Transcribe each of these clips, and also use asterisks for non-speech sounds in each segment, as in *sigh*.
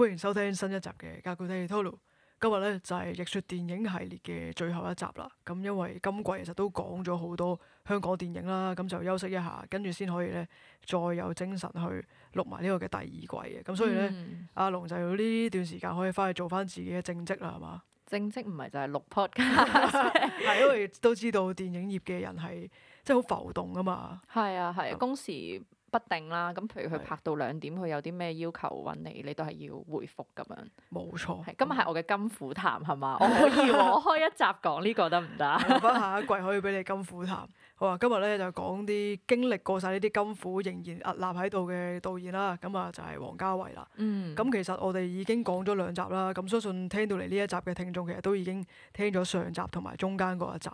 歡迎收聽新一集嘅《格古特利透露》，今日咧就係逆說電影系列嘅最後一集啦。咁因為今季其實都講咗好多香港電影啦，咁就休息一下，跟住先可以咧再有精神去錄埋呢個嘅第二季嘅。咁所以咧，嗯、阿龍就要呢段時間可以翻去做翻自己嘅正職啦，係嘛？正職唔係就係、是、錄 podcast 係因為都知道電影業嘅人係即係好浮動㗎嘛。係啊，係啊，工時。不定啦，咁譬如佢拍到兩點，佢有啲咩要求揾你，你都係要回覆咁樣。冇錯，今日係我嘅金虎談係嘛、嗯？我可以攞開一集講呢個得唔得？翻 *laughs* 下一季可以俾你金虎談。好啊，今日咧就講啲經歷過晒呢啲金虎，仍然屹立喺度嘅導演啦。咁啊就係王家衞啦。嗯。咁其實我哋已經講咗兩集啦。咁相信聽到嚟呢一集嘅聽眾，其實都已經聽咗上集同埋中間嗰一集。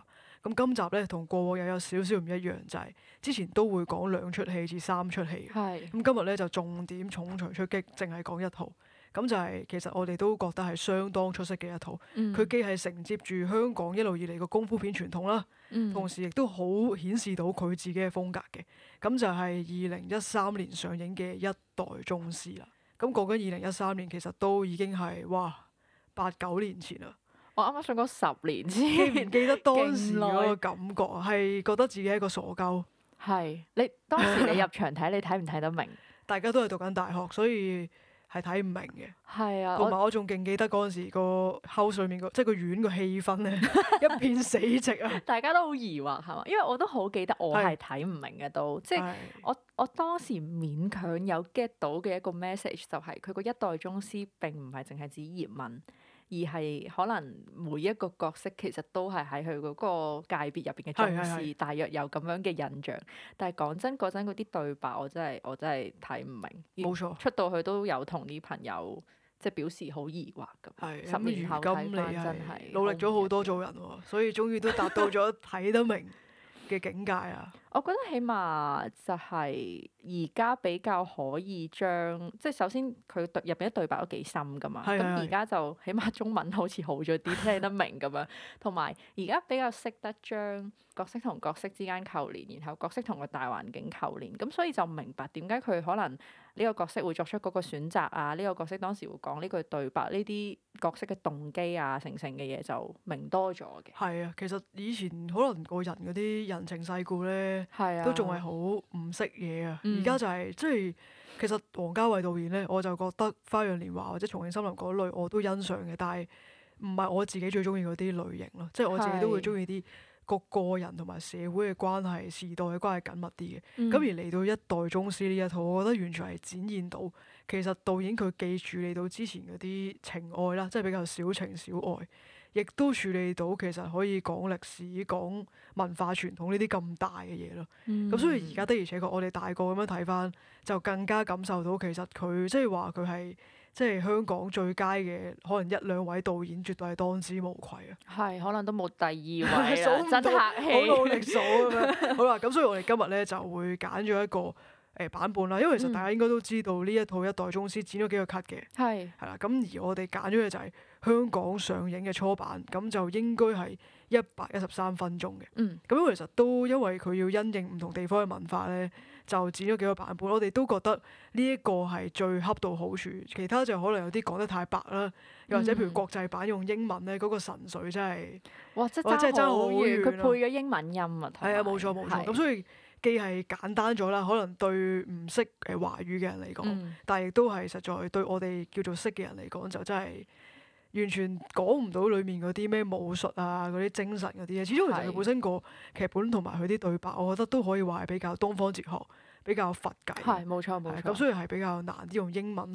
咁今集咧同過往又有少少唔一樣，就係、是、之前都會講兩出戲至三出戲。咁是今日咧就重點重錘出擊，淨係講一套。咁就係、是、其實我哋都覺得係相當出色嘅一套，佢、嗯、既係承接住香港一路以嚟嘅功夫片傳統啦，嗯、同時亦都好顯示到佢自己嘅風格嘅。咁就係二零一三年上映嘅《一代宗師》啦。咁講緊二零一三年，其實都已經係哇八九年前啦。我啱啱想講十年，記唔記得當時嗰個感覺啊？係覺得自己係一個傻鳩。係 *laughs* 你當時你入場睇，你睇唔睇得明？ *laughs* 大家都係讀緊大學，所以係睇唔明嘅。係啊，同埋我仲勁記得嗰陣時個口上面個，即係個院個氣氛咧， *laughs* *laughs* 一片死寂啊！ *laughs* 大家都好疑惑係嘛？因為我都好記得我係睇唔明嘅都，是即係是我我當時勉強有 get 到嘅一個 message 就係佢個一代宗師並唔係淨係指葉問。而係可能每一個角色其實都係喺佢嗰個界別入邊嘅重視，是是是大約有咁樣嘅印象。是是是但係講真嗰陣嗰啲對白我，我真係我真係睇唔明。冇沒錯，出到去都有同啲朋友即係表示好疑惑咁。係是十年後咁你真係努力咗好多做人，嗯、所以終於都達到咗睇 *laughs* 得明嘅境界啊，我覺得起碼就係而家比較可以將，即係首先佢對入邊啲對白都幾深噶嘛，咁而家就起碼中文好似好咗啲，聽得明咁樣，同埋而家比較識得將角色同角色之間扣連，然後角色同個大環境扣連，咁所以就明白點解佢可能。呢個角色會作出嗰個選擇啊！呢、這個角色當時會講呢句對白，呢啲角色嘅動機啊、成成嘅嘢就明多咗嘅。係啊，其實以前可能個人嗰啲人情世故咧，都仲係好唔識嘢啊。而家、嗯、就係、是、即係其實王家衛導演咧，我就覺得《花樣年華》或者《重慶森林》嗰類我都欣賞嘅，但係唔係我自己最鍾意嗰啲類型咯，即係我自己都會鍾意啲。個個人同埋社會嘅關係、時代嘅關係緊密啲嘅，咁、嗯、而嚟到一代宗師呢一套，我覺得完全係展現到其實導演佢既處理到之前嗰啲情愛啦，即係比較小情小愛，亦都處理到其實可以講歷史、講文化傳統呢啲咁大嘅嘢咯。咁、嗯、所以而家的而且確，我哋大個咁樣睇返，就更加感受到其實佢即係話佢係。即係香港最佳嘅，可能一兩位導演絕對係當之無愧啊！係，可能都冇第二位啦， *laughs* 到真客氣，好努力數啊！ *laughs* *laughs* 好啦，咁所以我哋今日咧就會揀咗一個誒、欸、版本啦，因為其實大家應該都知道呢、嗯、一套《一代宗師》剪咗幾個 cut 嘅，係係啦。咁而我哋揀咗嘅就係香港上映嘅初版，咁就應該係一百一十三分鐘嘅。嗯，咁其實都因為佢要因應唔同地方嘅文化咧。就剪咗幾個版本，我哋都覺得呢一個係最恰到好處，其他就可能有啲講得太白啦，又或者譬如國際版用英文咧，嗰、嗯、個神髓真係，哇！即係爭好遠，佢配咗英文音啊，係啊，冇錯冇錯，咁是所以既係簡單咗啦，可能對唔識誒華語嘅人嚟講，嗯、但係亦都係實在對我哋叫做識嘅人嚟講就真係。完全講唔到裏面嗰啲咩武術啊，嗰啲精神嗰啲嘢，始終其實佢本身個是劇本同埋佢啲對白，我覺得都可以話係比較東方哲學，比較佛偈。係，冇錯冇錯。咁、啊、雖然係比較難啲用英文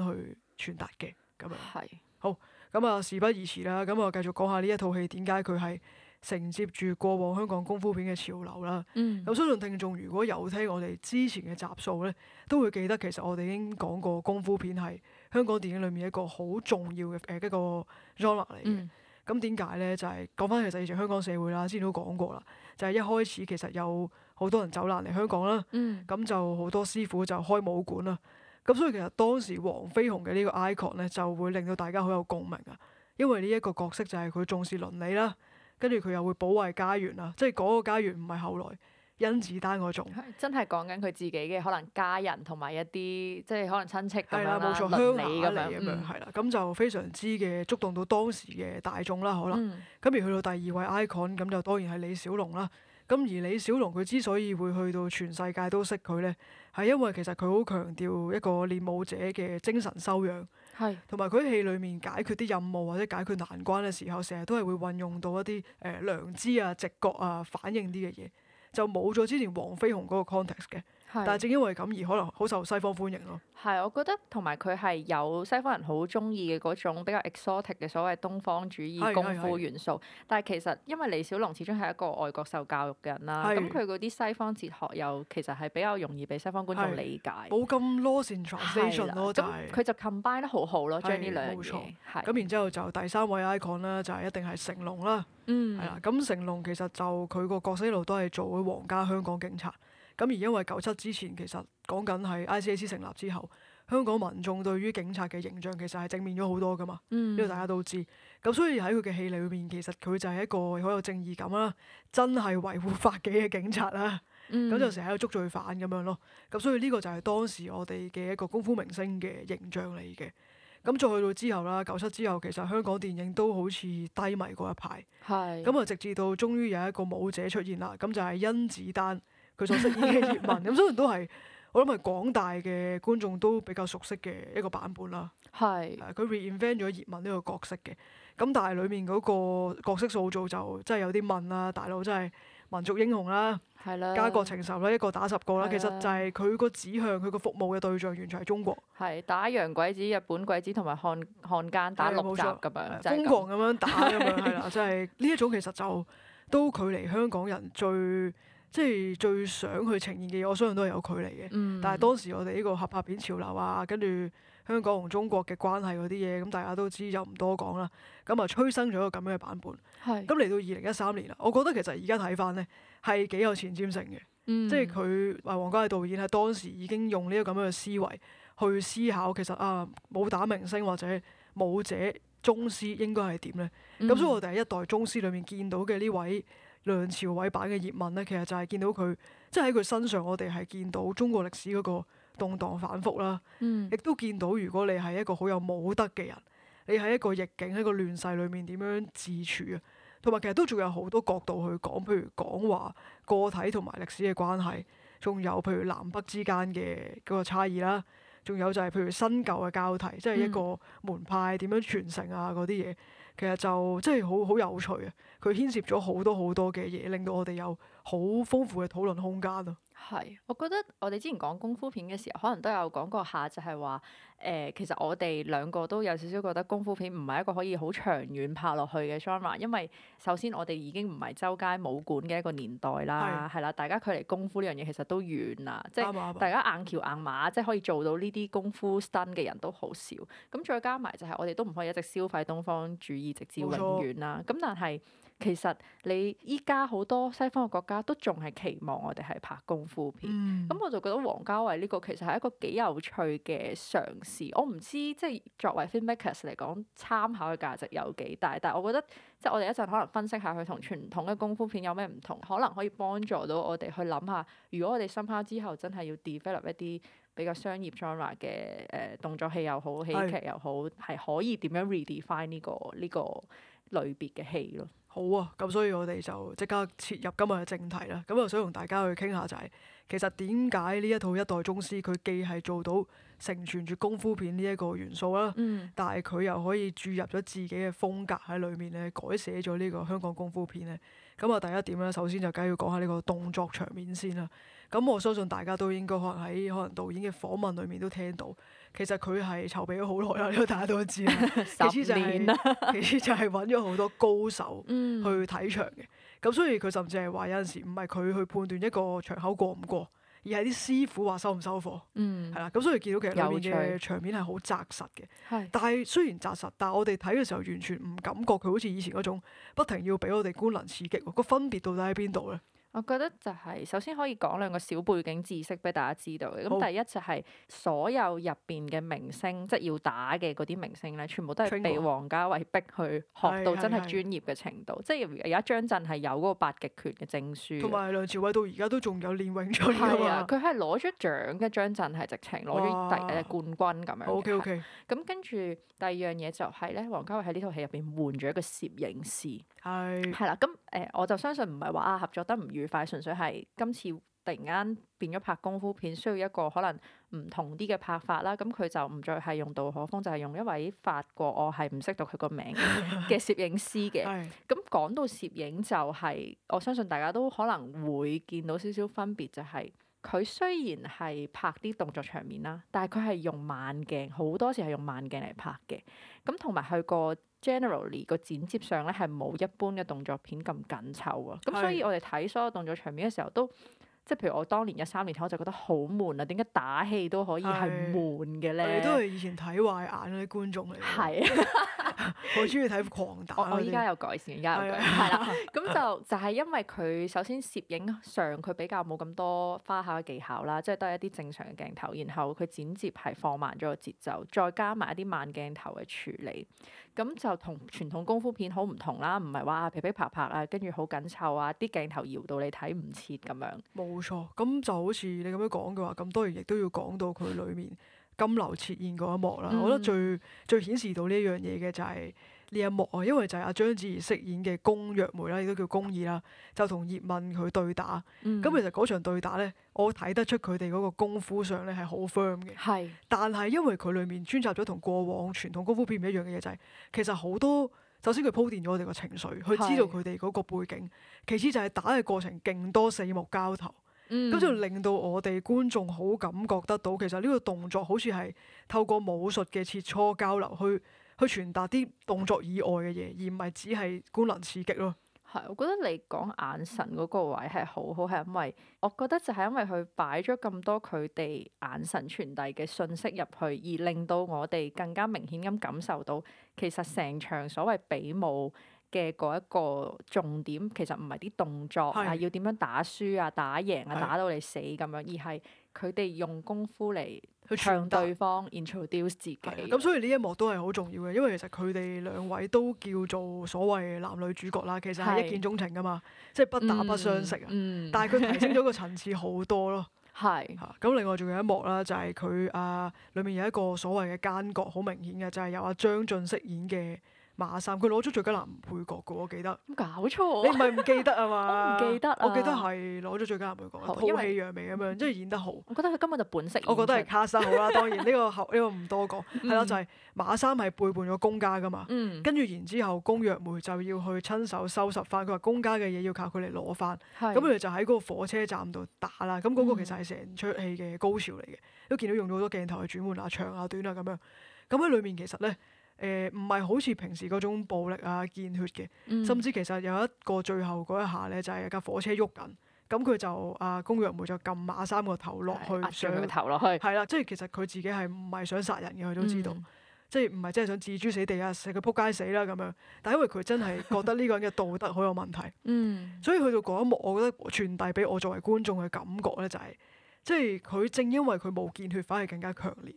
去傳達嘅咁樣。係是，好咁啊，事不宜遲啦，咁啊繼續講下呢一套戲點解佢係承接住過往香港功夫片嘅潮流啦。咁相信聽眾如果有聽我哋之前嘅集數咧，都會記得其實我哋已經講過功夫片係。香港電影裏面一個好重要嘅誒一個 genre 嚟嘅，咁點解咧？就係講返其實以前香港社會啦，之前都講過啦，就係、是、一開始其實有好多人走難嚟香港啦，咁、嗯、就好多師傅就開武館啦，咁所以其實當時黃飛鴻嘅呢個 icon 咧，就會令到大家好有共鳴啊，因為呢一個角色就係佢重視倫理啦，跟住佢又會保衞家園啦，即係嗰個家園唔係後來。甄子丹嗰種，真係講緊佢自己嘅可能家人同埋一啲即係可能親戚咁樣啦，冇錯，鄉里咁樣，樣嗯，係啦，咁就非常之嘅觸動到當時嘅大眾啦，可能咁、嗯、而去到第二位 icon，咁就當然係李小龍啦。咁而李小龍佢之所以會去到全世界都識佢咧，係因為其實佢好強調一個練武者嘅精神修養，係同埋佢喺戲裡面解決啲任務或者解決難關嘅時候，成日都係會運用到一啲誒良知啊、直覺啊、反應啲嘅嘢。就冇咗之前黃飛鴻嗰個 context 嘅。是但係正因為咁而可能好受西方歡迎咯。係，我覺得同埋佢係有西方人好中意嘅嗰種比較 exotic 嘅所謂東方主義功夫元素。但係其實因為李小龍始終係一個外國受教育嘅人啦，咁佢嗰啲西方哲學又其實係比較容易俾西方觀眾理解。冇咁 lost in translation 咯，啦就係、是、佢就 combine 得好好咯，將呢是兩樣。冇錯，係是。咁然之後，後就第三位 icon、嗯、啦，就係一定係成龍啦。嗯。啦，咁成龍其實就佢個角色一路都係做嗰皇家香港警察。咁而因為九七之前其實講緊係 ICAC 成立之後，香港民眾對於警察嘅形象其實係正面咗好多噶嘛，呢、嗯、個大家都知。咁所以喺佢嘅戲裏面，其實佢就係一個好有正義感啦，真係維護法紀嘅警察啦。咁、嗯、 *laughs* 就成日喺度捉罪犯咁樣咯。咁所以呢個就係當時我哋嘅一個功夫明星嘅形象嚟嘅。咁再去到之後啦，九七之後其實香港電影都好似低迷過一排。咁啊是，直至到終於有一個武者出現啦，咁就係甄子丹。佢所飾演嘅葉問咁，雖然都係我諗係廣大嘅觀眾都比較熟悉嘅一個版本啦。係佢是、啊、reinvent 咗葉問呢個角色嘅。咁但係裏面嗰個角色塑造就真係有啲問啦，大佬真係民族英雄啦，家國情仇啦，一個打十個啦。其實就係佢個指向佢個服務嘅對象完全係中國。係打洋鬼子、日本鬼子同埋漢漢奸，打六集咁樣，瘋狂咁樣打咁樣係 *laughs* 啦，真係呢一種其實就都距離香港人最。即係最想去呈現嘅嘢，我相信都係有距離嘅。嗯、但係當時我哋呢個合拍片潮流啊，跟住香港同中國嘅關係嗰啲嘢，咁大家都知，就唔多講啦。咁啊，催生咗一個咁樣嘅版本。係是。咁嚟到二零一三年啦，我覺得其實而家睇翻咧，係幾有前瞻性嘅。嗯、即係佢啊，王家衞導演喺當時已經用呢個咁樣嘅思維去思考，其實啊，武打明星或者武者宗師應該係點咧？咁、嗯、所以我哋喺一代宗師裏面見到嘅呢位。梁朝偉版嘅葉問咧，其實就係見到佢，即係喺佢身上，我哋係見到中國歷史嗰個動盪反覆啦，亦、嗯、都見到如果你係一個好有武德嘅人，你喺一個逆境、一個亂世裏面點樣自處啊，同埋其實都仲有好多角度去講，譬如講話個體同埋歷史嘅關係，仲有譬如南北之間嘅嗰個差異啦，仲有就係譬如新舊嘅交替，即係一個門派點樣傳承啊嗰啲嘢。其實，就即係好好有趣啊！佢牽涉咗好多好多嘅嘢，令到我哋有好豐富嘅討論空間咯。係，我覺得我哋之前講功夫片嘅時候，可能都有講過下就，就係話，誒，其實我哋兩個都有少少覺得功夫片唔係一個可以好長遠拍落去嘅 genre。因為首先我哋已經唔係周街武館嘅一個年代啦，係啦是，大家距離功夫呢樣嘢其實都遠啦，即係吧大家硬橋硬馬，即係吧可以做到呢啲功夫 stunt 嘅人都好少，咁再加埋就係我哋都唔可以一直消費東方主義直至永遠啦，咁錯但係。其實你依家好多西方嘅國家都仲係期望我哋係拍功夫片、嗯、咁、嗯、我就覺得王家衞呢個其實係一個幾有趣嘅嘗試。我唔知即係、就是、作為 filmmakers 嚟講參考嘅價值有幾大，但係我覺得即係、就是、我哋一陣可能分析下佢同傳統嘅功夫片有咩唔同，可能可以幫助到我哋去諗下，如果我哋新拍之後真係要 develop 一啲比較商業 genre 嘅誒動作戲又好、喜劇又好，係是可以點樣 redefine 呢、這個呢、這個類別嘅戲咯。好啊，咁所以我哋就即刻切入今日嘅正題啦。咁我想同大家去傾下就係、是、其實點解呢一套一代宗師佢既係做到承傳住功夫片呢一個元素啦，嗯、但係佢又可以注入咗自己嘅風格喺裏面咧，改寫咗呢個香港功夫片咧。咁啊，第一點咧，首先就梗係要講下呢個動作場面先啦。咁我相信大家都應該可能喺可能導演嘅訪問裏面都聽到。其實佢係籌備咗好耐啦，呢個大家都知啦。十年啦，其次就係揾咗好多高手去睇場嘅。咁、嗯、所以佢甚至係話有陣時唔係佢去判斷一個場口過唔過，而係啲師傅話收唔收貨。嗯，係啦。咁所以見到其實裏面嘅場面係好紮實嘅。有趣。但係雖然紮實，但係我哋睇嘅時候完全唔感覺佢好似以前嗰種不停要俾我哋官能刺激喎。個分別到底喺邊度咧？我覺得就係首先可以講兩個小背景知識俾大家知道嘅。咁第一就係所有入邊嘅明星，即係要打嘅嗰啲明星咧，全部都係被王家衞逼去學到真係專業嘅程度。嗯嗯、即係而家張震係有嗰個八極拳嘅證書。同埋梁朝偉到而家都仲有練詠春。係啊，佢係攞咗獎嘅。張震係直情攞咗第誒冠軍咁樣。O K O K。咁、okay, okay，跟住第二樣嘢就係咧，王家衞喺呢套戲入邊換咗一個攝影師。係、嗯。啦、嗯，咁。誒、欸，我就相信唔係話啊合作得唔愉快，純粹係今次突然間變咗拍功夫片，需要一個可能唔同啲嘅拍法啦。咁佢就唔再係用杜可風，就係、是、用一位法國，我係唔識讀佢個名嘅 *laughs* 攝影師嘅。咁講 *laughs* 到攝影就係、是，我相信大家都可能會見到少少分別，就係、是、佢雖然係拍啲動作場面啦，但係佢係用慢鏡，好多時係用慢鏡嚟拍嘅。咁同埋佢個 Generally, 個剪接上咧係冇一般嘅動作片咁緊湊啊，咁是所以我哋睇所有動作場面嘅時候都。即係譬如我當年一三年我就覺得好悶啦、啊。點解打戲都可以係悶嘅咧？你都係以前睇壞眼嗰啲觀眾嚟。係，好中意睇狂打我。我我依家有改善，依家有改善。係啦，咁就就係因為佢首先攝影上佢比較冇咁多花巧嘅技巧啦，即係得一啲正常嘅鏡頭。然後佢剪接係放慢咗個節奏，再加埋一啲慢鏡頭嘅處理。咁就同傳統功夫片好唔同啦，唔係話噼噼啪啪啊，跟住好緊湊啊，啲鏡頭搖到你睇唔切咁樣。冇錯，咁就好似你咁樣講嘅話，咁當然亦都要講到佢裏面金流設現嗰一幕啦。嗯、我覺得最最顯示到呢一樣嘢嘅就係、是、呢一幕啊，因為就係阿章子怡飾演嘅宮若梅啦，亦都叫宮二啦，就同葉問佢對打。咁、嗯、其實嗰場對打咧，我睇得出佢哋嗰個功夫上咧係好 firm 嘅。係是，但係因為佢裏面穿插咗同過往傳統功夫片唔一樣嘅嘢，就係其實好多首先佢鋪墊咗我哋個情緒，去知道佢哋嗰個背景，其次就係打嘅過程勁多四目交投。咁就、嗯、令到我哋觀眾好感覺得到，其實呢個動作好似係透過武術嘅切磋交流去，去去傳達啲動作以外嘅嘢，而唔係只係官能刺激咯。係，我覺得你講眼神嗰個位係好好，係因為我覺得就係因為佢擺咗咁多佢哋眼神傳遞嘅訊息入去，而令到我哋更加明顯咁感受到，其實成場所謂比武嘅嗰一個重點其實唔係啲動作啊，係要點是樣打輸啊、打贏啊、是打到你死咁樣，而係佢哋用功夫嚟向對方 introduce 自己。咁所以呢一幕都係好重要嘅，因為其實佢哋兩位都叫做所謂男女主角啦，其實係一見鍾情噶嘛，即係的不打不相識啊。嗯嗯、但係佢提升咗個層次好多咯。係嚇的，咁 *laughs* 的另外仲有一幕啦，就係佢啊，裡面有一個所謂嘅奸角，好明顯嘅就係由阿張晉飾演嘅。馬三佢攞咗最佳男配角嘅，我記得。搞錯？你唔係唔記得啊嘛？ *laughs* 我唔記得，我記得係攞咗最佳男配角，好戲揚眉咁樣，即係演得好。我覺得佢根本就本色。我覺得係卡莎好啦， *laughs* 當然呢、這個呢、這個唔多講，係啦、嗯，就係、是、馬三係背叛咗公家噶嘛。跟住、嗯、然之後，宮若梅就要去親手收拾翻，佢話公家嘅嘢要靠佢嚟攞翻。係是。咁佢哋就喺嗰個火車站度打啦。咁、那、嗰個其實係成出戲嘅高潮嚟嘅，嗯、都見到用咗好多鏡頭去轉換啊、長啊、短啊咁樣。咁喺裏面其實咧。誒唔係好似平時嗰種暴力啊，見血嘅。嗯、甚至其實有一個最後嗰一下咧，就係、是、架火車喐、呃、緊，咁佢就啊，工人會就撳馬三個頭落去，壓住對以頭落去，係啦，即係其實佢自己係唔係想殺人嘅？佢都知道，嗯、即係唔係真係想置諸死地啊，死佢撲街死啦咁樣，但因為佢真係覺得呢個人嘅道德好有問題， *laughs* 嗯、所以去到嗰一幕，我覺得傳遞俾我作為觀眾嘅感覺咧、就是，就係即係佢正因為佢冇見血，反而更加強烈。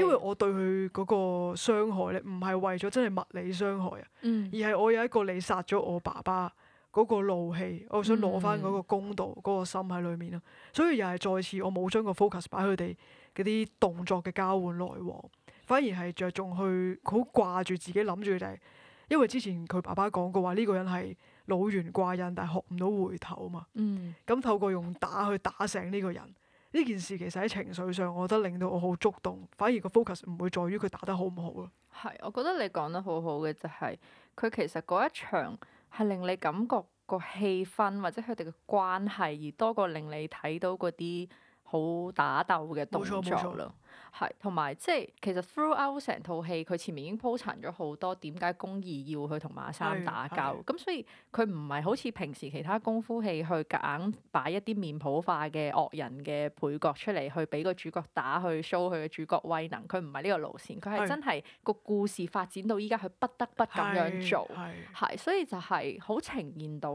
因為我對佢嗰個傷害咧，唔係為咗真係物理傷害啊，嗯、而係我有一個你殺咗我爸爸嗰個怒氣，我想攞翻嗰個公道，嗰、嗯、個心喺裡面咯。所以又係再次，我冇將個 focus 擺佢哋嗰啲動作嘅交換來往，反而係着重去好掛住自己諗住就係，因為之前佢爸爸講過話呢、呢個人係老懸掛印，但係學唔到回頭嘛。咁、嗯、透過用打去打醒呢個人。呢件事其實喺情緒上，我覺得令到我好觸動，反而個 focus 唔會在於佢打得好唔好咯。係，我覺得你講得好好嘅就係、係，佢其實嗰一場係令你感覺個氣氛或者佢哋嘅關係，而多過令你睇到嗰啲。好打鬥嘅動作咯。係，同埋即係其實 throughout 成套戲，佢前面已經鋪陳咗好多點解宮二要去同馬三打交。咁所以佢唔係好似平時其他功夫戲去夾硬擺一啲面譜化嘅惡人嘅配角出嚟去俾個主角打去 show 佢嘅主角威能，佢唔係呢個路線，佢係真係個故事發展到依家佢不得不咁樣做，係，所以就係好呈現到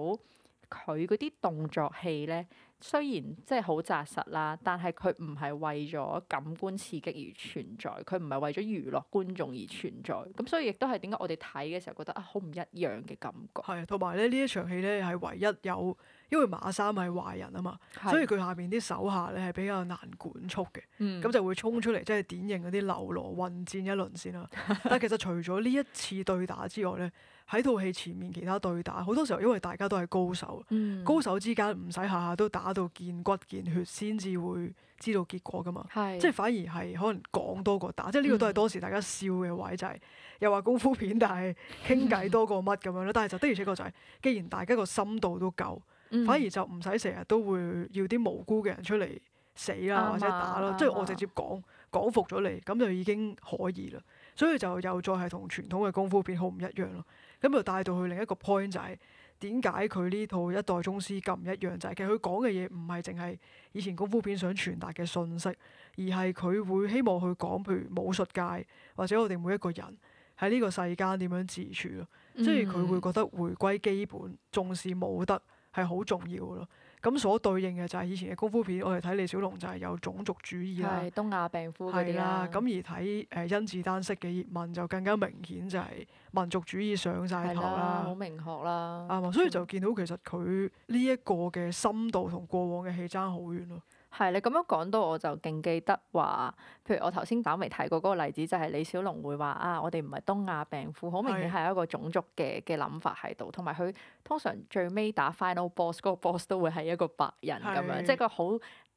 佢嗰啲動作戲呢。雖然即係好紮實啦，但係佢唔係為咗感官刺激而存在，佢唔係為咗娛樂觀眾而存在。咁所以亦都係點解我哋睇嘅時候覺得啊，好唔一樣嘅感覺。係，同埋咧呢一場戲咧係唯一有，因為馬三係壞人啊嘛，是所以佢下邊啲手下咧係比較難管束嘅。嗯，咁就會衝出嚟，即係典型嗰啲流羅混戰一輪先啦。但其實除咗呢一次對打之外咧。喺套戲前面其他對打，好多時候因為大家都係高手，嗯、高手之間唔使下下都打到見骨見血先至會知道結果㗎嘛。是即係反而係可能講多過打，嗯、即係呢個都係當時大家笑嘅位，就係、是、又話功夫片，但係傾偈多過乜咁樣咯。嗯、但係就的而且確就係，既然大家個深度都夠，嗯、反而就唔使成日都會要啲無辜嘅人出嚟死啦、啊、或者打咯，啊啊、即係我直接講講服咗你，咁就已經可以啦。所以就又再係同傳統嘅功夫片好唔一樣咯。咁就帶到去另一個 point 就係點解佢呢套一代宗師咁唔一樣？就係、是、其實佢講嘅嘢唔係淨係以前功夫片想傳達嘅信息，而係佢會希望去講譬如武術界或者我哋每一個人喺呢個世間點樣自處咯，嗯、即係佢會覺得回歸基本重視武德係好重要咯。咁所對應嘅就係以前嘅功夫片，我哋睇李小龍就係有種族主義啦，東亞病夫嗰啲啦。咁而睇誒甄子丹式嘅葉問就更加明顯，就係民族主義上晒頭啦，好明確啦。啊、嗯、所以就見到其實佢呢一個嘅深度同過往嘅戲爭好遠咯。係，你咁樣講到我就勁記得話，譬如我頭先稍微提過嗰個例子，就係、是、李小龍會話啊，我哋唔係東亞病夫，好明顯係一個種族嘅嘅諗法喺度，同埋佢通常最尾打 final boss 嗰個 boss 都會係一個白人咁樣，即係的個好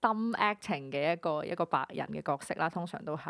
dumb acting 嘅一個一個白人嘅角色啦，通常都係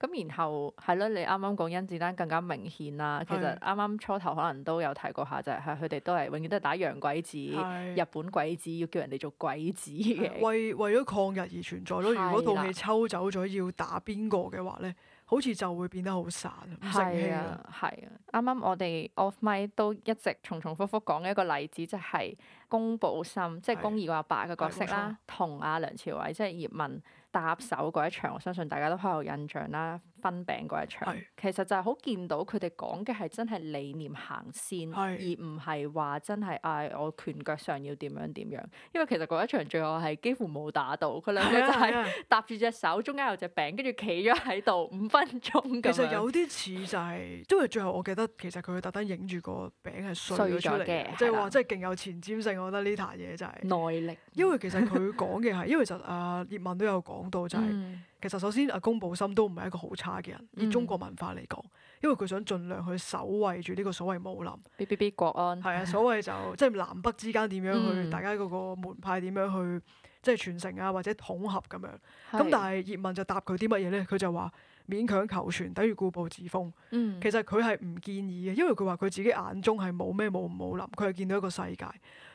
咁，然後係咯，你啱啱講甄子丹更加明顯啦。的其實啱啱初頭可能都有提過下，就係佢哋都係永遠都係打洋鬼子、的日本鬼子，要叫人哋做鬼子嘅。為為咗抗日而存在咯。如果套戲抽走咗要打邊個嘅話咧，的好似就會變得好散，唔成氣係啊，啱啱我哋 off mic 都一直重重複複講嘅一個例子即係。就是宮寶森，即係宮二個阿伯嘅角色啦，同阿對梁朝偉對即係葉問搭手嗰一場，我相信大家都好有印象啦。分餅嗰一場，是其實就係好見到佢哋講嘅係真係理念行先，是而唔係話真係嗌、哎、我拳腳上要點樣點樣。因為其實嗰一場最後係幾乎冇打到，佢兩個就係搭住隻手，中間有隻餅，跟住企咗喺度五分鐘。其實有啲似就係、是，因為最後我記得其實佢特登影住個餅係碎咗嘅，即係話即係勁有前瞻性。我覺得呢壇嘢就係、是、耐力，因為其實佢講嘅係， *laughs* 因為其實阿、啊、葉問都有講到就係、嗯。嗯。其實首先阿宮寶森都唔係一個好差嘅人，以中國文化嚟講，因為佢想盡量去守衛住呢個所謂武林，B B B 國安係啊，所謂就即係南北之間點樣去，嗯、大家嗰個門派點樣去，即係傳承啊或者統合咁樣。咁是但係葉問就答佢啲乜嘢咧？佢就話勉強求全，等於固步自封。嗯、其實佢係唔建議嘅，因為佢話佢自己眼中係冇咩武武林，佢係見到一個世界，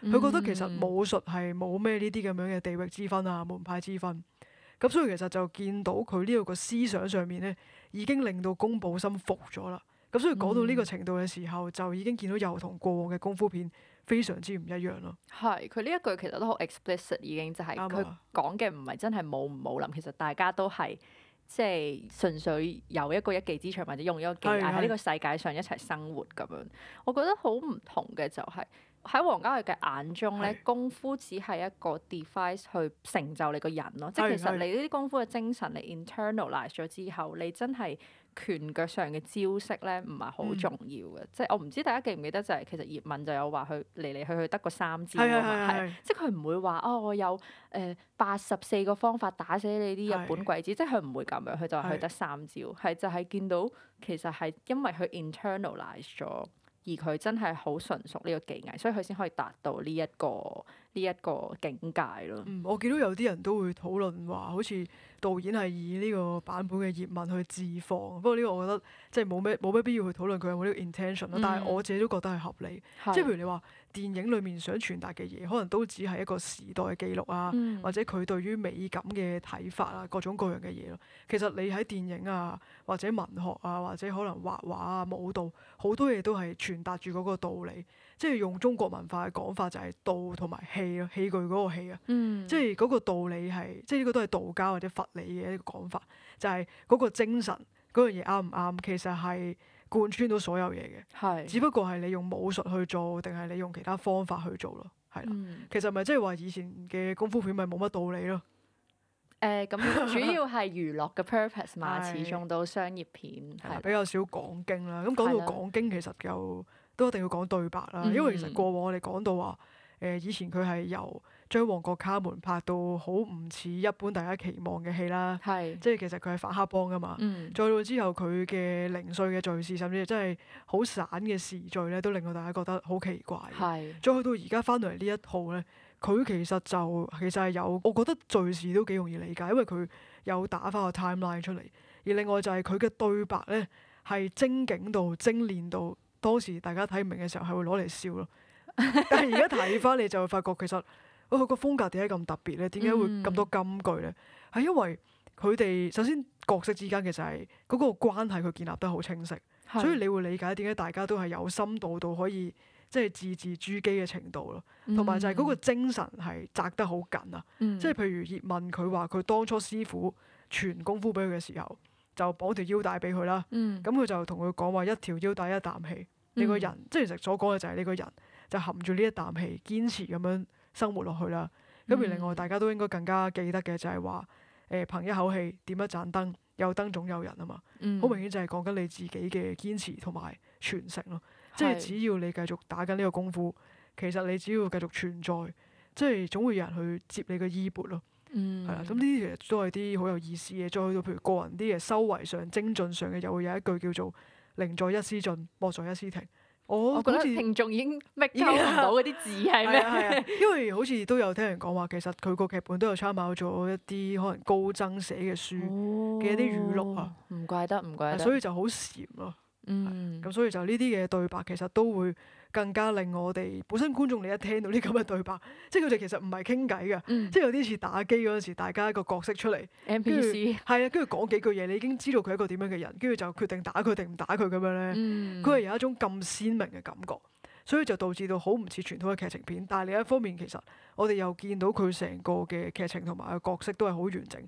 佢覺得其實武術係冇咩呢啲咁樣嘅地域之分啊、門派之分。咁所以其實就見到佢呢個思想上面咧，已經令到公保心服咗啦。咁所以講到呢個程度嘅時候，嗯、就已經見到又同過往嘅功夫片非常之唔一樣咯。係，佢呢一句其實都好 explicit，已經就係佢講嘅唔係真係冇唔冇諗，其實大家都係即係純粹有一個一技之長或者用一個技能喺呢個世界上一齊生活咁樣。的我覺得好唔同嘅就係、是。喺王家衛嘅眼中咧，是功夫只係一個 device 去成就你個人咯。是即係其實你呢啲功夫嘅精神，你 internalize 咗之後，你真係拳腳上嘅招式咧，唔係好重要嘅。嗯、即係我唔知大家記唔記得、就是，就係其實葉問就有話佢嚟嚟去去得個三招，係即係佢唔會話哦，我有誒八十四個方法打死你啲日本鬼子，即係佢唔會咁樣，佢就係得三招。係就係見到其實係因為佢 internalize 咗。而佢真係好純熟呢個技藝，所以佢先可以達到呢一個。呢一個境界咯。嗯，我見到有啲人都會討論話，好似導演係以呢個版本嘅葉問去置放。不過呢個我覺得即係冇咩冇咩必要去討論佢有冇呢個 intention 咯。嗯、但係我自己都覺得係合理。是即係譬如你話電影裡面想傳達嘅嘢，可能都只係一個時代嘅記錄啊，嗯、或者佢對於美感嘅睇法啊，各種各樣嘅嘢咯。其實你喺電影啊，或者文學啊，或者可能畫畫啊、舞蹈，好多嘢都係傳達住嗰個道理。即係用中國文化嘅講法就，就係道同埋器咯，器具嗰個器啊，即係嗰個道理係，即係呢個都係道家或者佛理嘅一個講法，就係、是、嗰個精神嗰樣嘢，啱唔啱？其實係貫穿到所有嘢嘅，是的 只不過係你用武術去做，定係你用其他方法去做咯，係啦。嗯、其實咪即係話以前嘅功夫片咪冇乜道理咯、呃。誒，咁主要係娛樂嘅 purpose 嘛，始終 *laughs* 的到商業片係的的比較少講經啦。咁講到講經，的講講經其實又都一定要講對白啦，因為其實過往我哋講到話誒、呃，以前佢係由將旺角卡門拍到好唔似一般大家期望嘅戲啦，是即係其實佢係反黑幫噶嘛。嗯、再到之後佢嘅零碎嘅敘事，甚至真係好散嘅時序咧，都令到大家覺得好奇怪。是再去到而家翻到嚟呢一套咧，佢其實就其實係有，我覺得敘事都幾容易理解，因為佢有打翻個 timeline 出嚟。而另外就係佢嘅對白咧，係精警到精練到。當時大家睇唔明嘅時候係會攞嚟笑咯，但係而家睇翻你就會發覺 *laughs* 其實，佢個風格點解咁特別咧？點解會咁多金句咧？係、嗯、因為佢哋首先角色之間嘅就係嗰個關係佢建立得好清晰，的所以你會理解點解大家都係有深度到可以即係字字珠璣嘅程度咯，同埋、嗯、就係嗰個精神係扎得好緊啊！嗯、即係譬如葉問佢話佢當初師傅傳功夫俾佢嘅時候。就綁條腰帶俾佢啦，咁佢、嗯、就同佢講話一條腰帶一啖氣，呢、嗯、個人即係其實所講嘅就係呢個人就含住呢一啖氣堅持咁樣生活落去啦。咁、嗯、而另外大家都應該更加記得嘅就係話，誒、呃、憑一口氣點一盞燈，有燈總有人啊嘛。好、嗯、明顯就係講緊你自己嘅堅持同埋傳承咯。即係、嗯、只要你繼續打緊呢個功夫，是其實你只要繼續存在，即、就、係、是、總會有人去接你嘅衣缽咯。嗯，係啦，咁呢啲其實都係啲好有意思嘅，再去到譬如個人啲嘅修為上、精進上嘅，又會有一句叫做寧在一思進，莫在一思停。Oh, 我覺得好似聽眾已經咩都唔到嗰啲字係咩？因為好似都有聽人講話，其實佢個劇本都有參考咗一啲可能高僧寫嘅書嘅、哦、一啲語錄啊。唔怪得，唔怪得，所以就好禪咯。咁、嗯、所以就呢啲嘅對白其實都會。更加令我哋本身觀眾，你一聽到呢咁嘅對白，即係佢哋其實唔係傾偈嘅，嗯、即係有啲似打機嗰陣時，大家一個角色出嚟。NPC 係啊，跟住講幾句嘢，你已經知道佢係一個點樣嘅人，跟住就決定打佢定唔打佢咁樣咧。佢係、嗯、有一種咁鮮明嘅感覺，所以就導致到好唔似傳統嘅劇情片。但係另一方面，其實我哋又見到佢成個嘅劇情同埋個角色都係好完整。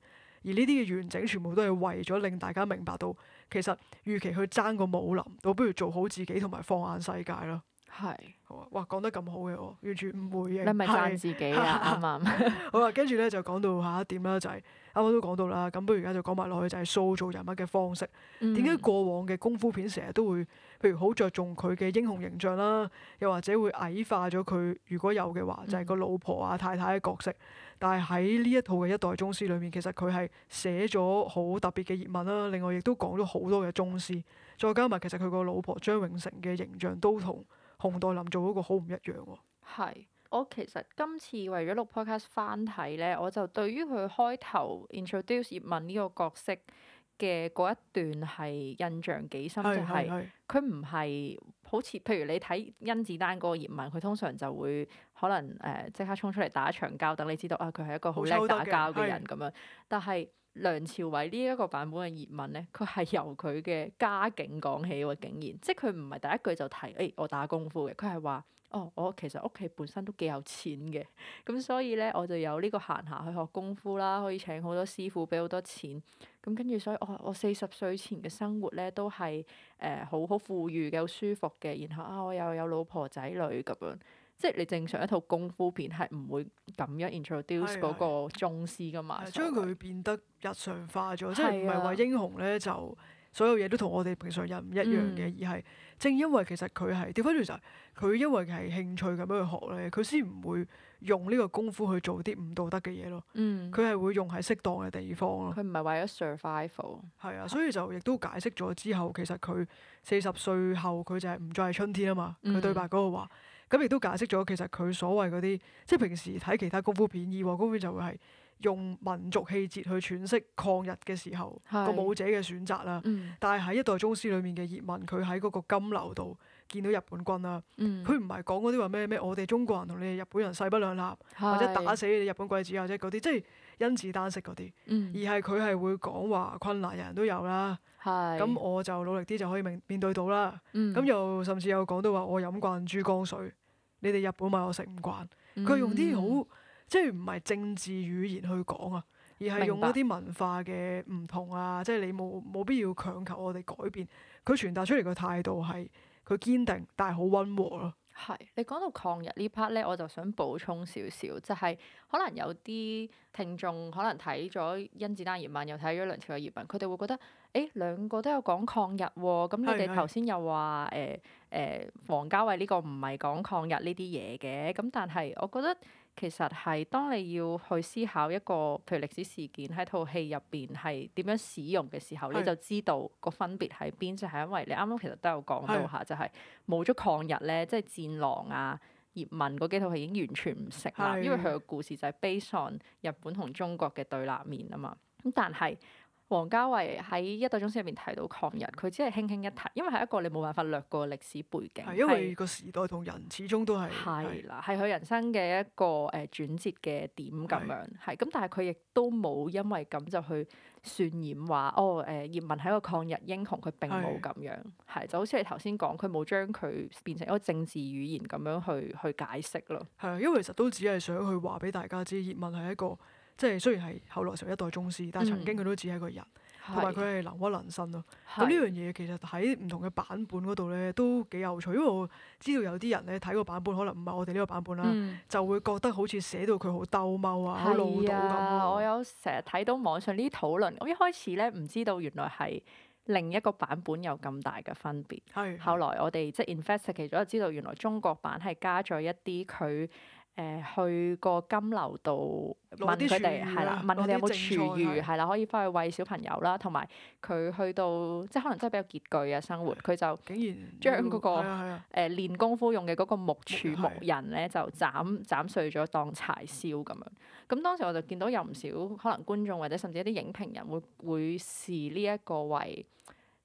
而呢啲嘅完整，全部都係為咗令大家明白到，其實與其去爭個武林，倒不如做好自己同埋放眼世界啦。係好啊！哇，講得咁好嘅，完全唔會嘅。你咪讚自己啊！啱啱是？ *laughs* *laughs* 好啊，跟住咧就講到下一點啦，就係啱啱都講到啦。咁不如而家就講埋落去，就係塑造人物嘅方式。點解、嗯、過往嘅功夫片成日都會，譬如好着重佢嘅英雄形象啦，又或者會矮化咗佢。如果有嘅話，就係、是、個老婆啊、太太嘅角色。嗯、但係喺呢一套嘅一代宗師裏面，其實佢係寫咗好特別嘅葉問啦。另外，亦都講咗好多嘅宗師，再加埋其實佢個老婆張永成嘅形象都同，熊黛林做嗰個好唔一樣喎。哦，係，我其實今次為咗錄 podcast 翻睇呢，我就對於佢開頭 introduce 葉問呢個角色嘅嗰一段係印象幾深，就係佢唔係好似譬如你睇甄子丹嗰個葉問，佢通常就會可能誒即刻衝出嚟打一場交，等你知道啊佢係一個好叻打交嘅人咁樣，但係，梁朝偉呢一個版本嘅葉問咧，佢係由佢嘅家境講起喎，竟然即係佢唔係第一句就提誒、哎、我打功夫嘅，佢係話哦，我其實屋企本身都幾有錢嘅，咁所以咧我就有呢個閒暇去學功夫啦，可以請好多師傅俾好多錢，咁跟住所以我我四十歲前嘅生活咧都係誒好好富裕嘅，好舒服嘅，然後啊我又有，有老婆仔女咁樣。即係你正常一套功夫片係唔會咁樣 introduce 嗰的個宗師噶嘛，的將佢謂變得日常化咗，的即係唔係話英雄咧就所有嘢都同我哋平常人唔一樣嘅，嗯、而係正因為其實佢係調返轉就係佢因為係興趣咁樣去學咧，佢先唔會用呢個功夫去做啲唔道德嘅嘢咯。佢係、嗯、會用喺適當嘅地方咯。佢唔係為咗 survival。係啊，所以就亦都解釋咗之後，其實佢四十歲後佢就係唔再係春天啊嘛。佢對白嗰個話。嗯咁亦都解釋咗其實佢所謂嗰啲，即係平時睇其他功夫片，以往功夫片就會係用民族氣節去詮釋抗日嘅時候個是武者嘅選擇啦。嗯、但係喺一代宗師裏面嘅葉問，佢喺嗰個金樓度見到日本軍啦，佢唔係講嗰啲話咩咩，我哋中國人同你哋日本人勢不兩立，或者打死你日本鬼子啊，即係嗰啲，即係。甄子丹飾嗰啲，而係佢係會講話困難，人人都有啦。係是，咁我就努力啲就可以面面對到啦。咁、嗯、又甚至有講到話我飲慣珠江水，你哋日本咪我食唔慣。佢、嗯、用啲好即係唔係政治語言去講啊，而係用一啲文化嘅唔同啊，白即係你冇冇必要強求我哋改變。佢傳達出嚟嘅態度係佢堅定，但係好溫和啊。係，你講到抗日呢 part 咧，我就想補充少少，就係、是、可能有啲聽眾可能睇咗甄子丹葉問，又睇咗梁朝偉葉問，佢哋會覺得，誒、欸、兩個都有講抗日喎、啊，咁你哋頭先又話，誒、欸、誒、欸、王家衞呢個唔係講抗日呢啲嘢嘅，咁但係我覺得。其實係當你要去思考一個譬如歷史事件喺套戲入邊係點樣使用嘅時候，是你就知道個分別喺邊。就係、是、因為你啱啱其實都有講到下，是就係冇咗抗日咧，即係戰狼啊、葉問嗰幾套戲已經完全唔食啦，是因為佢嘅故事就係 based on 日本同中國嘅對立面啊嘛。咁但係。王家衛喺一代宗師入邊提到抗日，佢、嗯、只係輕輕一提，因為係一個你冇辦法略過歷史背景。係因為個時代同人始終都係係啦，係佢是是人生嘅一個誒轉折嘅點咁樣，係咁是但係佢亦都冇因為咁就去渲染話哦誒葉問係一個抗日英雄，佢並冇咁樣，係是就好似你頭先講，佢冇將佢變成一個政治語言咁樣去去解釋咯。係啊，因為其實都只係想去話俾大家知葉問係一個。即係雖然係後來成為一代宗師，但係曾經佢都只係一個人，同埋佢係能屈能伸咯。咁呢的樣嘢其實喺唔同嘅版本嗰度咧都幾有趣，因為我知道有啲人咧睇個版本可能唔係我哋呢個版本啦，嗯、就會覺得好似寫到佢的好兜踎啊、好老到咁。係啊，我有成日睇到網上呢啲討論，我一開始咧唔知道原來係另一個版本有咁大嘅分別。係的後來我哋即係 investigate 咗，就是、就知道原來中國版係加咗一啲佢。誒去個金樓度問佢哋係啦，問佢哋有冇廚餘係啦，可以翻去餵小朋友啦。同埋佢去到即係可能真係比較拮據嘅生活，佢就竟然將嗰、那個誒練功夫用嘅嗰個木柱木人咧，就斬斬碎咗當柴燒咁樣。咁當時我就見到有唔少可能觀眾或者甚至一啲影評人會會視呢一個為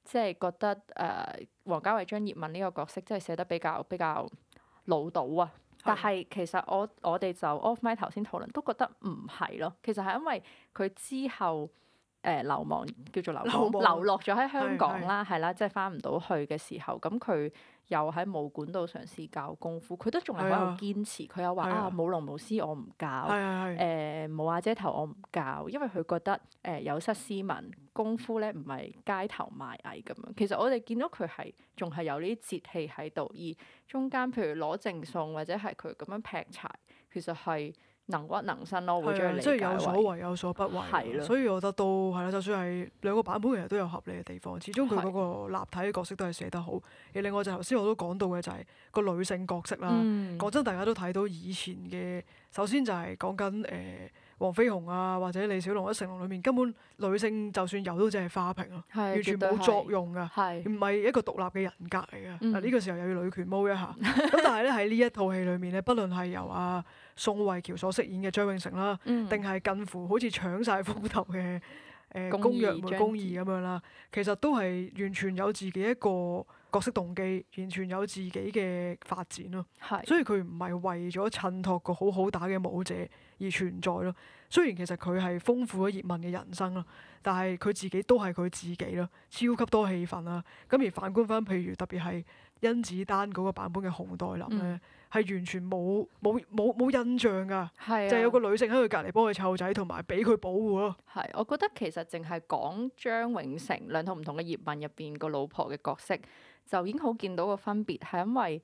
即係覺得誒王、呃、家衞將葉問呢個角色即係、就是、寫得比較比較老到啊！但係，其實我我哋就 *noise* off my 頭先討論，都覺得唔係咯。其實係因為佢之後。誒、呃、流亡叫做流，流亡，流落咗喺香港啦，係啦是是 的，即係翻唔到去嘅時候，咁佢又喺武館度嘗試教功夫，佢都仲係好堅持。佢的又話的啊，舞龍舞獅我唔教，誒、呃、舞阿姐頭我唔教，因為佢覺得誒、呃、有失斯文，功夫咧唔係街頭賣藝咁樣。其實我哋見到佢係仲係有呢啲節氣喺度，而中間譬如攞淨餸，或者係佢咁樣劈柴，其實係。能屈能伸咯，會即係、就是、有所為有所不為，的所以我覺得都係啦。就算係兩個版本其實都有合理嘅地方，始終佢嗰個立體嘅角色都係寫得好。的而另外就頭先我都講到嘅就係個女性角色啦。講真、嗯，大家都睇到以前嘅首先就係講緊誒黃飛鴻啊或者李小龍啊成龍裏面根本女性就算有都只係花瓶咯，的完全冇作用㗎，唔係的一個獨立嘅人格嚟㗎。呢、嗯啊呢個時候又要女權踎一下。咁 *laughs* 但係咧喺呢一套戲裏面咧，不論係由啊。宋慧喬所飾演嘅張永成啦，定係、嗯、近乎好似搶晒風頭嘅誒公爵義或宮二咁樣啦，其實都係完全有自己一個角色動機，完全有自己嘅發展咯。是所以佢唔係為咗襯托個好好打嘅武者而存在咯。雖然其實佢係豐富咗葉問嘅人生啦，但係佢自己都係佢自己咯，超級多戲份啊！咁而反觀翻，譬如特別係甄子丹嗰個版本嘅熊黛林咧。嗯係完全冇冇冇冇印象噶，係啊、就係有個女性喺佢隔籬幫佢湊仔，同埋俾佢保護咯。係，我覺得其實淨係講張永成兩套唔同嘅葉問入邊個老婆嘅角色，就已經好見到個分別，係因為。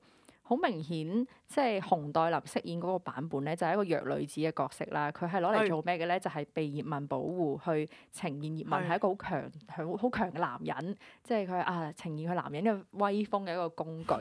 好明顯，即係熊黛林飾演嗰個版本咧，就係、是、一個弱女子嘅角色啦。佢係攞嚟做咩嘅咧？就係、是、被葉問保護，去呈現葉問係一個好強、好好強嘅男人。即係佢啊，呈現佢男人一個威風嘅一個工具。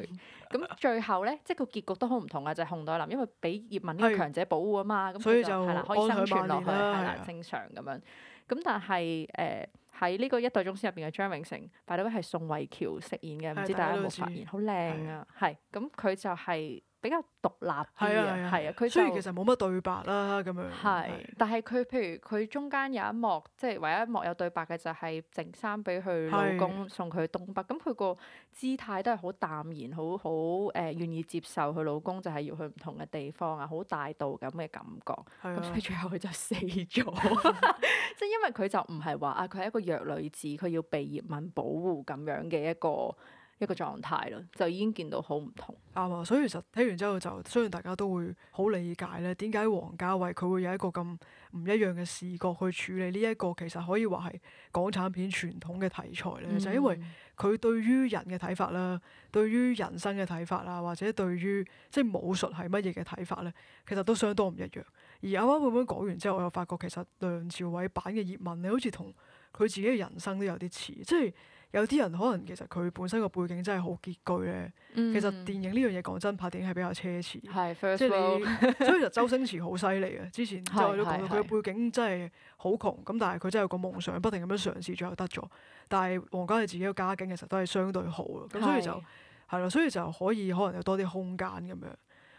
咁 *laughs* 最後咧，即係個結局都好唔同啊！就係熊、是、黛林因為俾葉問呢個強者保護啊嘛，咁佢 *laughs* 就係 *laughs* 啦，可以生存落去，係 *laughs* 啦，正常咁樣。咁但係誒。呃喺呢個一代宗師入邊嘅張永成，大到會係宋慧喬飾演嘅，唔的知大家有冇發現，好靚師啊！係的，咁佢就係、是。比較獨立啲啊，係啊，佢所以其實冇乜對白啦，咁樣係。是是但係佢譬如佢中間有一幕，即、就、係、是、唯一一幕有對白嘅就係鄭三俾佢老公是送佢去東北，咁佢個姿態都係好淡然，好好誒，願、呃、意接受佢老公就係要去唔同嘅地方啊，好大度咁嘅感覺。咁、啊、所以最後佢就死咗，即 *laughs* 係 *laughs* *laughs* 因為佢就唔係話啊，佢係一個弱女子，佢要被葉問保護咁樣嘅一個。一個狀態咯，就已經見到好唔同。啱啊，所以其實睇完之後就，相信大家都會好理解咧，點解王家衛佢會有一個咁唔一樣嘅視角去處理呢一個其實可以話係港產片傳統嘅題材咧，嗯、就因為佢對於人嘅睇法啦，對於人生嘅睇法啦，或者對於即係武術係乜嘢嘅睇法咧，其實都相當唔一樣。而啱啱咁樣講完之後，我又發覺其實梁朝偉版嘅葉問咧，好似同佢自己嘅人生都有啲似，即係。有啲人可能其實佢本身個背景真係好拮據咧，嗯、其實電影呢樣嘢講真拍電影係比較奢侈，嗯、即係你。 *laughs* 所以就周星馳好犀利嘅，之前即係我都講佢背景真係好窮，咁但係佢真係有個夢想，不停咁樣嘗試，最後得咗。但係王家衛自己個家境其實都係相對好咯，咁所以就係咯是，所以就可以可能有多啲空間咁樣。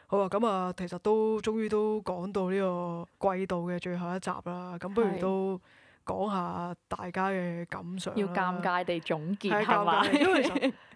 好啊，咁啊，其實都終於都講到呢個季度嘅最後一集啦。咁不如都。講下大家嘅感想，要尷尬地總結下，因為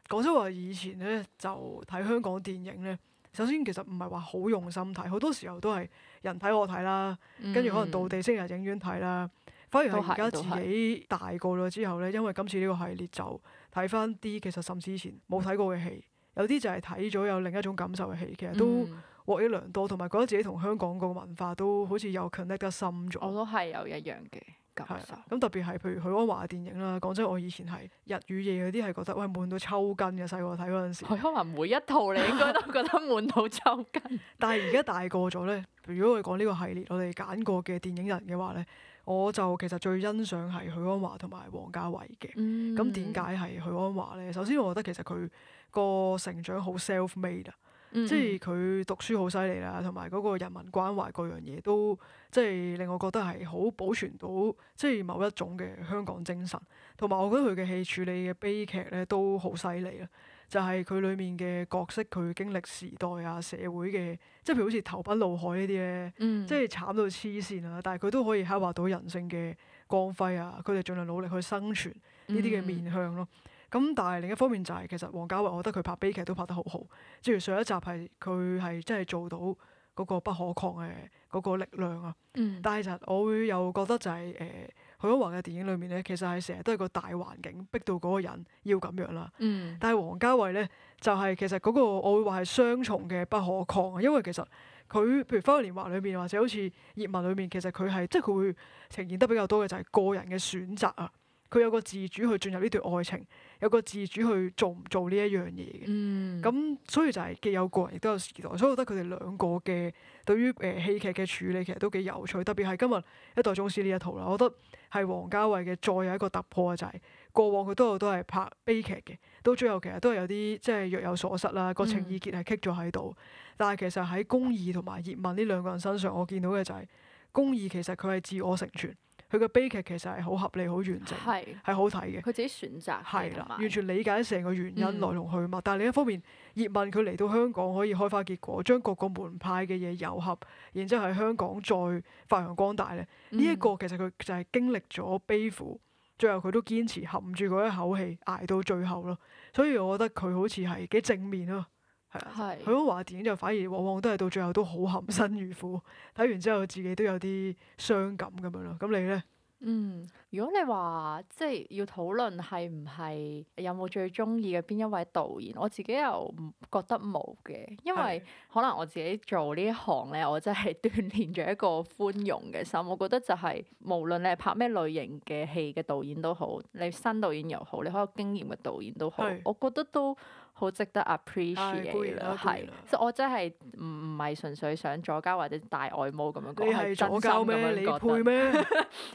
講真話， *laughs* 說說以前咧就睇香港電影咧，首先其實唔係話好用心睇，好多時候都係人睇我睇啦，跟住可能到地星人影院睇啦。嗯、反而係而家自己大個咗之後咧，因為今次呢個系列就睇翻啲其實甚至以前冇睇過嘅戲，有啲就係睇咗有另一種感受嘅戲，其實都獲益良多，同埋覺得自己同香港個文化都好似有 connect 得深咗。我都係有一樣嘅。係啊，咁特別係譬如許鞍華嘅電影啦。講真，我以前係日與夜嗰啲係覺得，喂，悶到抽筋嘅。細個睇嗰陣時，時，許鞍華每一套你應該都覺得悶到抽筋。 *laughs* 但係而家大個咗咧，如果我講呢個系列，我哋揀過嘅電影人嘅話咧，我就其實最欣賞係許鞍華同埋王家衞嘅。咁點解係許鞍華咧？首先我覺得其實佢個成長好 self-made。Made 嗯、即係佢讀書好犀利啦，同埋嗰個人文關懷嗰樣嘢都，即係令我覺得係好保存到，即係某一種嘅香港精神。同埋我覺得佢嘅戲處理嘅悲劇咧都好犀利啦，就係、是、佢裡面嘅角色佢經歷時代啊、社會嘅，即係譬如好似投奔怒海呢啲咧，嗯、即係慘到黐線啊！但係佢都可以刻畫到人性嘅光輝啊，佢哋盡量努力去生存呢啲嘅面向咯。咁但係另一方面就係、是、其實王家衞，我覺得佢拍悲劇都拍得好好，譬如上一集係佢係真係做到嗰個不可抗嘅嗰個力量啊。嗯、但係其實我會又覺得就係誒許鞍華嘅電影裏面咧，其實係成日都係個大環境逼到嗰個人要咁樣啦。嗯、但係王家衞咧就係、是、其實嗰個我會話係雙重嘅不可抗，啊，因為其實佢譬如《花樣年華》裏面，或者好似《葉問》裏面，其實佢係即係佢會呈現得比較多嘅就係個人嘅選擇啊。佢有個自主去進入呢段愛情，有個自主去做唔做呢一樣嘢嘅。咁、嗯、所以就係既有個人亦都有時代，所以我覺得佢哋兩個嘅對於誒戲劇嘅處理其實都幾有趣。特別係今日《一代宗師》呢一套啦，我覺得係王家衞嘅再有一個突破就係、是、過往佢多數都係拍悲劇嘅，到最後其實都係有啲即係若有所失啦，個情意結係棘咗喺度。嗯、但係其實喺宮二同埋葉問呢兩個人身上，我見到嘅就係宮二其實佢係自我成全。佢嘅悲劇其實係好合理、好完整，係是好睇嘅。佢自己選擇，係啦，完全理解成個原因來龍去脈。嗯、但另一方面，葉問佢嚟到香港可以開花結果，將各個門派嘅嘢糅合，然之後喺香港再發揚光大咧。呢一、嗯、個其實佢就係經歷咗悲苦，最後佢都堅持含住嗰一口氣捱到最後咯。所以我覺得佢好似係幾正面咯。係啊，許鞍華電影就反而往往都係到最後都好含辛茹苦，睇完之後自己都有啲傷感咁樣咯。咁你咧？嗯，如果你話即係要討論係唔係有冇最鍾意嘅邊一位導演，我自己又覺得冇嘅，因為可能我自己做呢行咧，我真係鍛鍊咗一個寬容嘅心。我覺得就係無論你係拍咩類型嘅戲嘅導演都好，你新導演又好，你可有經驗嘅導演都好，我覺得都好值得 appreciate 啦，係，所以我真係唔唔係純粹想左膠或者大愛膠咁樣講，係真心咁樣你覺得，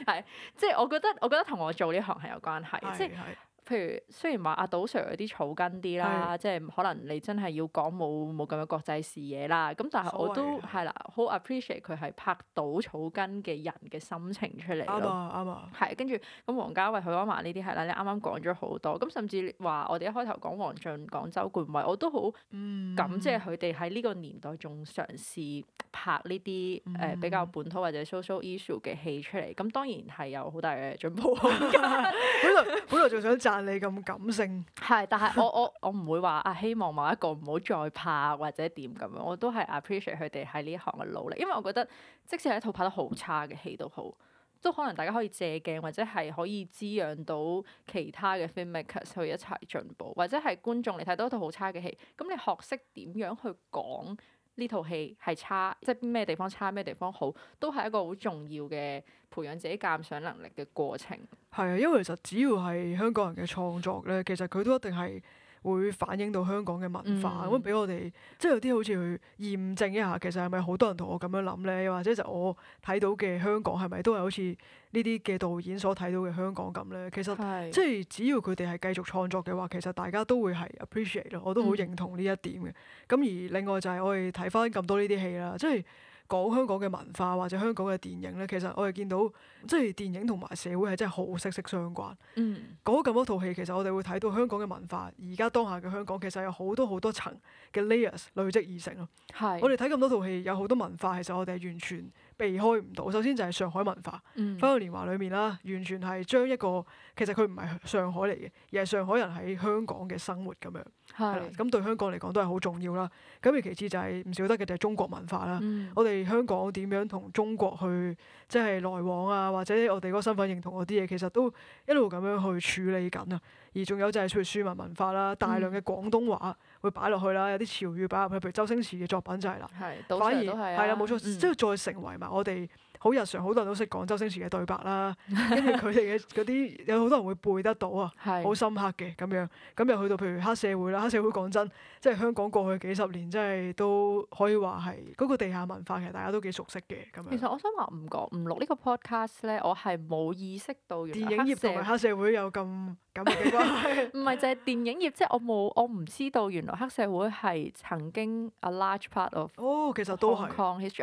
係即係我覺得我覺得同我做呢行係有關係，即係對。就係譬如雖然話阿杜 Sir 嗰啲草根啲啦，是即係可能你真係要講冇冇咁嘅國際視野啦，咁但係我都係啦，好 appreciate 佢係拍到草根嘅人嘅心情出嚟。啱啱啊！係跟住咁，王家衞、許鞍華呢啲係啦，嗯嗯、你啱啱講咗好多，咁甚至話我哋一開頭講王俊，講周冠威，我都好咁即係佢哋喺呢個年代仲嘗試拍呢啲誒比較本土或者 social issue 嘅戲出嚟，咁當然係有好大嘅進步。嗯、 *laughs* *laughs* 本來本來仲想你咁感性，係， *laughs* 但係我我我唔會話啊，希望某一個唔好再拍或者點咁樣，我都係 appreciate 佢哋喺呢行嘅努力，因為我覺得即使係一套拍得好差嘅戲都好，都可能大家可以借鏡或者係可以滋養到其他嘅 filmmakers 去一齊進步，或者係觀眾嚟睇到一套好差嘅戲，咁你學識點樣去講，呢套戲係差，即係咩地方差，咩地方好，都係一個好重要嘅培養自己鑑賞能力嘅過程。係啊，因為其實只要係香港人嘅創作咧，其實佢都一定係。會反映到香港嘅文化，咁俾、嗯、我哋即係有啲好似去驗證一下，其實係咪好多人同我咁樣諗咧？又或者就我睇到嘅香港係咪都係好似呢啲嘅導演所睇到嘅香港咁咧？其實、係、即係只要佢哋係繼續創作嘅話，其實大家都會係 appreciate 咯。我都好認同呢一點嘅。咁、嗯、而另外就係我哋睇翻咁多呢啲戲啦，即係。講香港嘅文化或者香港嘅電影咧，其實我哋見到即係電影同埋社會係真係好息息相關。嗯、講咁多套戲，其實我哋會睇到香港嘅文化，而家當下嘅香港其實有好多好多層嘅 layers 累積而成咯。是我哋睇咁多套戲，有好多文化，其實我哋係完全避開唔到。首先就係上海文化，嗯《花樣年華》裏面啦，完全係將一個其實佢唔係上海嚟嘅，而係上海人喺香港嘅生活咁樣。係啦，咁對香港嚟講都係好重要啦。咁而其次就係唔少得嘅就係中國文化啦。嗯、我哋香港點樣同中國去即係、就是、來往啊，或者我哋嗰個身份認同嗰啲嘢，其實都一路咁樣去處理緊啊。而仲有就係出嚟書文文化啦，大量嘅廣東話會擺落去啦，有啲潮語擺落去，譬如周星馳嘅作品就係、是、啦。係，啊、反而係啦，冇錯，即、就、係、是、再成為埋我哋。嗯好日常，好多人都識講周星馳嘅對白啦，因為佢哋嘅嗰啲有好多人會背得到啊，好 *laughs* 深刻嘅咁樣。咁又去到譬如黑社會啦，黑社會講真，即係香港過去幾十年即係都可以話係嗰個地下文化其實大家都幾熟悉嘅咁樣。其實我想話唔講唔錄呢個 podcast 咧，我係冇意識到原來黑社會，電影業同埋黑社會有咁緊密嘅關係？唔係 *laughs* *laughs* 就係、是、電影業，即、就、係、是、我冇我唔知道原來黑社會係曾經 a large part of 哦，其實都係。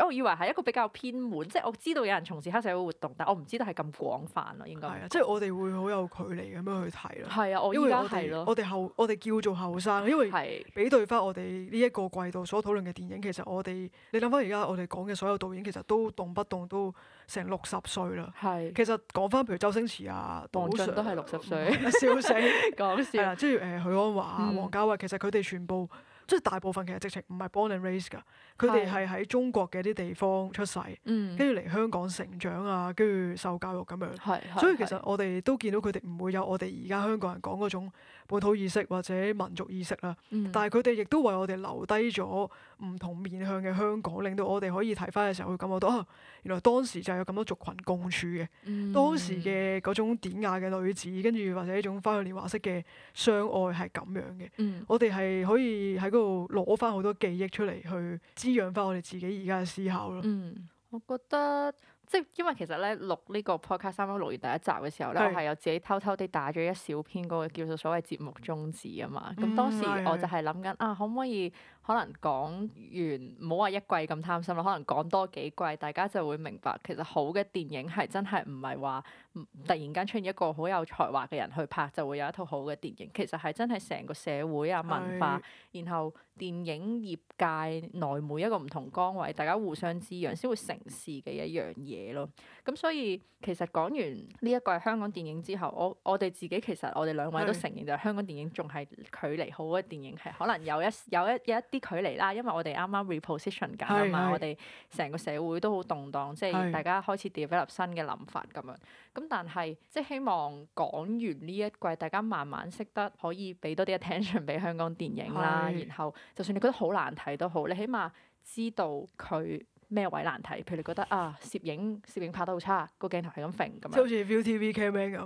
我以為係一個比較偏門，即係我。知道有人從事黑社會活動，但我唔知道係咁廣泛咯、啊，應該。係啊，即係我哋會好有距離咁樣去睇咯。係啊，我依家我哋係咯，後我哋叫做後生，因為比對翻我哋呢一個季度所討論嘅電影，其實我哋你諗翻而家我哋講嘅所有導演，其實都動不動都成六十歲啦。係。其實講翻譬如周星馳啊，王晶都係六十歲，啊、笑死，講笑。係啦，即係誒許鞍華啊、嗯、王家衛，其實佢哋全部。即係大部分其實直情唔係 born and raised 㗎，佢哋係喺中國嘅啲地方出世，跟住嚟香港成長啊，跟住受教育咁樣。 *music* *music* 所以其實我哋都見到佢哋唔會有我哋而家香港人講嗰種。本土意識或者民族意識啦，嗯、但係佢哋亦都為我哋留低咗唔同面向嘅香港，令到我哋可以睇翻嘅時候，會感覺到、哦、原來當時就係有咁多族群共處嘅，嗯、當時嘅嗰種典雅嘅女子，跟住或者一種花樣年華式嘅相愛係咁樣嘅，嗯、我哋係可以喺嗰度攞翻好多記憶出嚟去滋養翻我哋自己而家嘅思考咯、嗯。我覺得。即因為其實咧錄呢個 podcast，啱啱錄完第一集嘅時候咧，係是有自己偷偷地打咗一小篇嗰個叫做所謂節目宗旨啊嘛。咁當時我就係諗緊啊，可唔可以？可能講完唔好話一季咁貪心啦，可能講多幾季，大家就會明白其實好嘅電影係真係唔係話突然間出現一個好有才華嘅人去拍就會有一套好嘅電影，其實係真係成個社會啊文化，是然後電影業界內每一個唔同崗位，大家互相滋養先會成事嘅一樣嘢咯。咁所以其實講完呢一個香港電影之後，我我哋自己其實我哋兩位都承認就香港電影仲係距離好嘅電影係是可能有一有一有一啲距離啦，因為我哋啱啱 reposition 緊啊嘛，是是我哋成個社會都好動盪，是是即係大家開始 develop 新嘅諗法咁樣。咁但係即係希望講完呢一季，大家慢慢識得可以俾多啲 attention 俾香港電影啦。是是然後就算你覺得好難睇都好，你起碼知道佢。咩位難題？譬如你覺得啊，攝影攝影拍得好差，個鏡頭係咁揈咁樣。就好似 ViuTV camera 咁。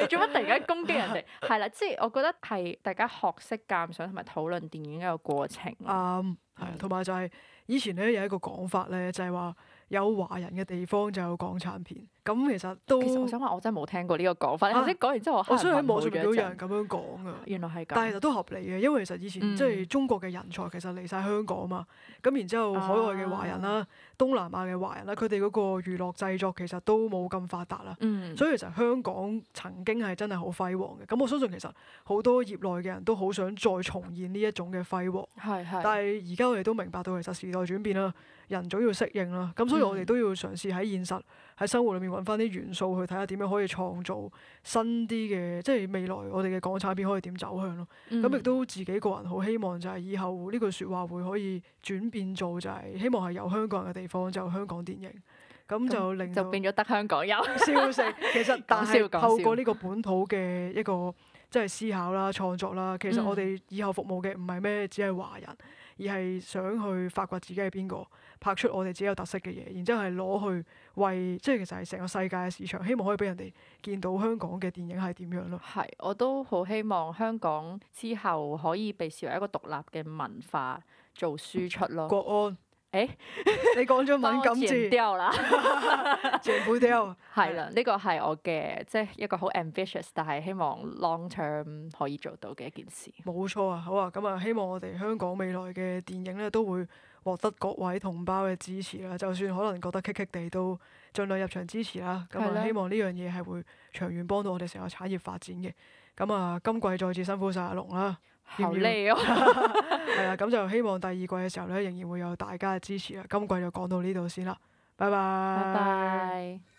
你做乜突然間攻擊人哋？係啦， *laughs* 即係我覺得係大家學識鑒賞同埋討論電影一個過程。啱、um,，係啊、就係，同埋就係以前咧有一個講法咧，就係、是、話。有華人嘅地方就有港產片，咁其實都其實我想話，我真係冇聽過呢個講法。頭先講完之後我、啊，我想喺網上面都有人咁樣講㗎！原來係噉，但係其實都合理嘅，因為其實以前即係中國嘅人才其實嚟晒香港嘛，咁、嗯、然之後海外嘅華人啦、啊、東南亞嘅華人啦，佢哋嗰個娛樂製作其實都冇咁發達啦。嗯、所以其實香港曾經係真係好輝煌嘅，咁我相信其實好多業內嘅人都好想再重現呢一種嘅輝煌。嗯、但係而家我哋都明白到其實時代轉變啦。人總要適應啦，咁所以我哋都要嘗試喺現實、喺生活裏面揾翻啲元素去睇下點樣可以創造新啲嘅，即係未來我哋嘅港產片可以點走向咯。咁亦、嗯、都自己個人好希望就係以後呢句說話會可以轉變做就係希望係有香港人嘅地方就係、有香港電影，咁就令到就變咗得香港有消息， *laughs* 其實但係透過呢個本土嘅一個即係、就係、思考啦、創作啦，其實我哋以後服務嘅唔係咩，只係華人，而係想去發掘自己係邊個。拍出我哋自己有特色嘅嘢，然之後係攞去為即係其實係成個世界嘅市場，希望可以俾人哋見到香港嘅電影係點樣咯。係，我都好希望香港之後可以被視為一個獨立嘅文化做輸出咯。國安，誒、欸，你講咗敏感字， *laughs* 掉啦， *laughs* 全部掉。係啦的，呢個係我嘅即係一個好 ambitious，但係希望 long term 可以做到嘅一件事。冇錯啊，好啊，咁、嗯、啊，希望我哋香港未來嘅電影咧都會，獲得各位同胞嘅支持啦，就算可能覺得棘棘地都盡量入場支持啦。咁、嗯、我的希望呢樣嘢係會長遠幫到我哋成個產業發展嘅。咁、嗯、啊，今季再次辛苦晒阿龍啦，後屌，係啦、哦。 *laughs* *laughs* 咁、嗯、就希望第二季嘅時候咧，仍然會有大家嘅支持啦。今季就講到呢度先啦，拜拜。Bye bye。